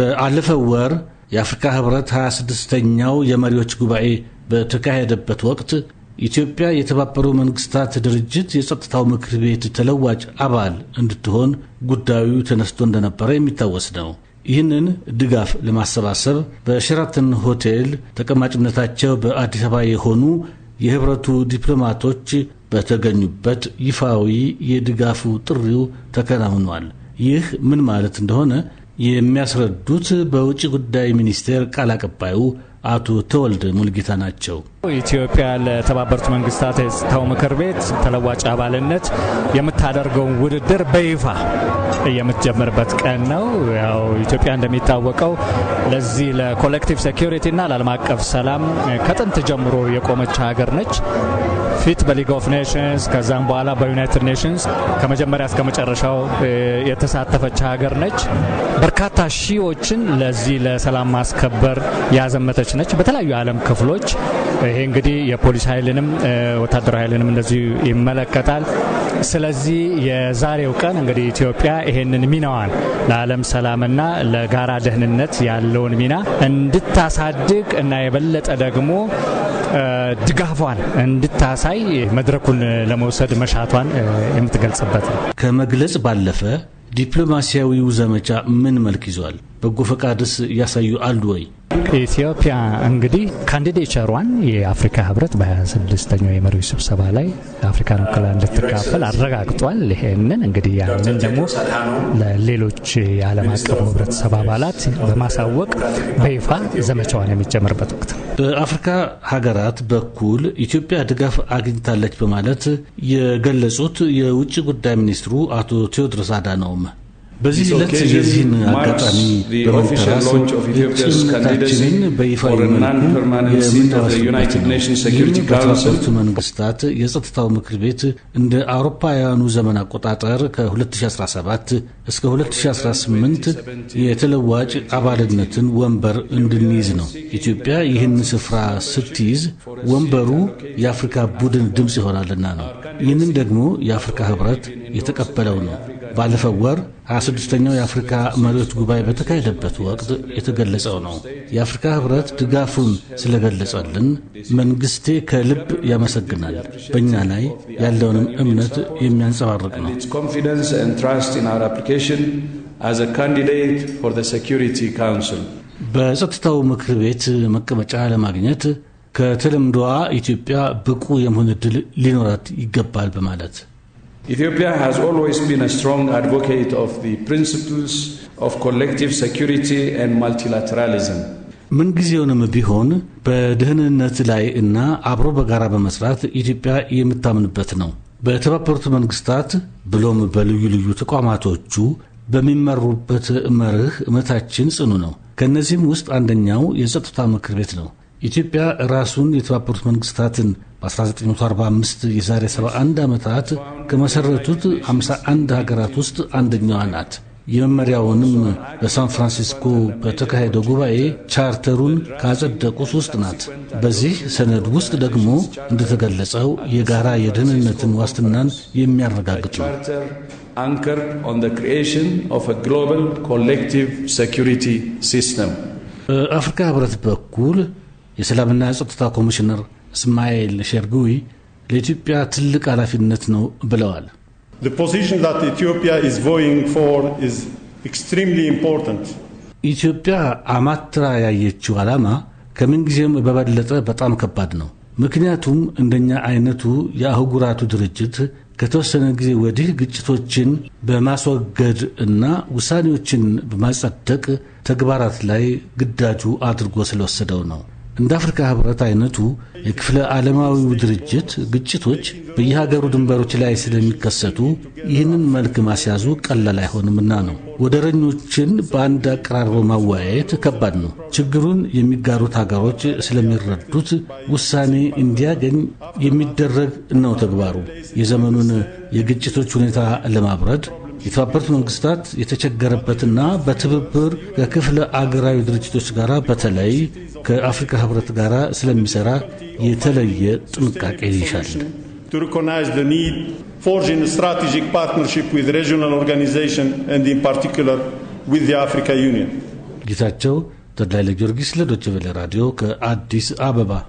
በአለፈው ወር የአፍሪካ ህብረት 26ኛው የመሪዎች ጉባኤ በተካሄደበት ወቅት ኢትዮጵያ የተባበሩ መንግስታት ድርጅት የጸጥታው ምክር ቤት ተለዋጭ አባል እንድትሆን ጉዳዩ ተነስቶ እንደነበረ የሚታወስ ነው። ይህንን ድጋፍ ለማሰባሰብ በሸራተን ሆቴል ተቀማጭነታቸው በአዲስ አበባ የሆኑ የህብረቱ ዲፕሎማቶች በተገኙበት ይፋዊ የድጋፉ ጥሪው ተከናውኗል። ይህ ምን ማለት እንደሆነ የሚያስረዱት በውጭ ጉዳይ ሚኒስቴር ቃል አቀባዩ አቶ ተወልድ ሙልጌታ ናቸው። ኢትዮጵያ ለተባበሩት መንግስታት የጸጥታው ምክር ቤት ተለዋጭ አባልነት የምታደርገውን ውድድር በይፋ የምትጀምርበት ቀን ነው። ያው ኢትዮጵያ እንደሚታወቀው ለዚህ ለኮሌክቲቭ ሴኪሪቲና ለዓለም አቀፍ ሰላም ከጥንት ጀምሮ የቆመች ሀገር ነች። ፊት በሊግ ኦፍ ኔሽንስ ከዛም በኋላ በዩናይትድ ኔሽንስ ከመጀመሪያ እስከ መጨረሻው የተሳተፈች ሀገር ነች። በርካታ ሺዎችን ለዚህ ለሰላም ማስከበር ያዘመተች ተወላጅ ነች። በተለያዩ የዓለም ክፍሎች ይሄ እንግዲህ የፖሊስ ኃይልንም ወታደራዊ ኃይልንም እንደዚሁ ይመለከታል። ስለዚህ የዛሬው ቀን እንግዲህ ኢትዮጵያ ይሄንን ሚናዋን ለዓለም ሰላምና ለጋራ ደህንነት ያለውን ሚና እንድታሳድግ እና የበለጠ ደግሞ ድጋፏን እንድታሳይ መድረኩን ለመውሰድ መሻቷን የምትገልጽበት ነው። ከመግለጽ ባለፈ ዲፕሎማሲያዊው ዘመቻ ምን መልክ ይዟል? በጎ ፈቃድስ እያሳዩ አሉ ወይ? ኢትዮጵያ እንግዲህ ካንዲዴቸሯን የአፍሪካ ህብረት በ26ኛው የመሪዎች ስብሰባ ላይ አፍሪካን ወክላ እንድትካፈል አረጋግጧል። ይህንን እንግዲህ ያንን ደግሞ ለሌሎች የዓለም አቀፉ ህብረተሰብ አባላት በማሳወቅ በይፋ ዘመቻዋን የሚጀምርበት ወቅት በአፍሪካ ሀገራት በኩል ኢትዮጵያ ድጋፍ አግኝታለች በማለት የገለጹት የውጭ ጉዳይ ሚኒስትሩ አቶ ቴዎድሮስ አዳነውም በዚህ ዕለት የዚህን አጋጣሚ በመጠራስ በይፋ መልኩ መንግስታት የጸጥታው ምክር ቤት እንደ አውሮፓውያኑ ዘመን አቆጣጠር ከ2017 እስከ 2018 የተለዋጭ አባልነትን ወንበር እንድንይዝ ነው። ኢትዮጵያ ይህን ስፍራ ስትይዝ ወንበሩ የአፍሪካ ቡድን ድምፅ ይሆናልና ነው። ይህንን ደግሞ የአፍሪካ ህብረት የተቀበለው ነው። ባለፈው ወር 26ኛው የአፍሪካ መሪዎች ጉባኤ በተካሄደበት ወቅት የተገለጸው ነው። የአፍሪካ ህብረት ድጋፉን ስለገለጸልን መንግስቴ ከልብ ያመሰግናል። በእኛ ላይ ያለውንም እምነት የሚያንጸባርቅ ነው። በጸጥታው ምክር ቤት መቀመጫ ለማግኘት ከተለምዶዋ ኢትዮጵያ ብቁ የመሆን ዕድል ሊኖራት ይገባል በማለት Ethiopia has always been a strong advocate of the principles of collective security and multilateralism. ምንጊዜውንም ቢሆን በደህንነት ላይ እና አብሮ በጋራ በመስራት ኢትዮጵያ የምታምንበት ነው። በተባበሩት መንግስታት ብሎም በልዩ ልዩ ተቋማቶቹ በሚመሩበት መርህ እምነታችን ጽኑ ነው። ከእነዚህም ውስጥ አንደኛው የጸጥታ ምክር ቤት ነው። ኢትዮጵያ ራሱን የተባበሩት መንግስታትን በ1945 የዛሬ 71 ዓመታት ከመሠረቱት 51 ሀገራት ውስጥ አንደኛዋ ናት። የመመሪያውንም በሳን ፍራንሲስኮ በተካሄደው ጉባኤ ቻርተሩን ካጸደቁት ውስጥ ናት። በዚህ ሰነድ ውስጥ ደግሞ እንደተገለጸው የጋራ የደህንነትን ዋስትናን የሚያረጋግጥ ነው። በአፍሪካ ህብረት በኩል የሰላምና የጸጥታ ኮሚሽነር እስማኤል ሸርጉዊ ለኢትዮጵያ ትልቅ ኃላፊነት ነው ብለዋል። ኢትዮጵያ አማትራ ያየችው ዓላማ ከምንጊዜም በበለጠ በጣም ከባድ ነው። ምክንያቱም እንደኛ አይነቱ የአህጉራቱ ድርጅት ከተወሰነ ጊዜ ወዲህ ግጭቶችን በማስወገድ እና ውሳኔዎችን በማጸደቅ ተግባራት ላይ ግዳጁ አድርጎ ስለወሰደው ነው። እንደ አፍሪካ ህብረት አይነቱ የክፍለ ዓለማዊው ድርጅት ግጭቶች በየሀገሩ ድንበሮች ላይ ስለሚከሰቱ ይህንን መልክ ማስያዙ ቀላል አይሆንምና ነው። ወደረኞችን በአንድ አቀራርቦ ማወያየት ከባድ ነው። ችግሩን የሚጋሩት ሀገሮች ስለሚረዱት ውሳኔ እንዲያገኝ የሚደረግ ነው ተግባሩ። የዘመኑን የግጭቶች ሁኔታ ለማብረድ የተባበሩት መንግስታት የተቸገረበትና በትብብር ከክፍለ አገራዊ ድርጅቶች ጋር በተለይ ከአፍሪካ ህብረት ጋር ስለሚሰራ የተለየ ጥንቃቄ ይሻል። ጌታቸው ተድላይ ለጊዮርጊስ ለዶችቬሌ ራዲዮ ከአዲስ አበባ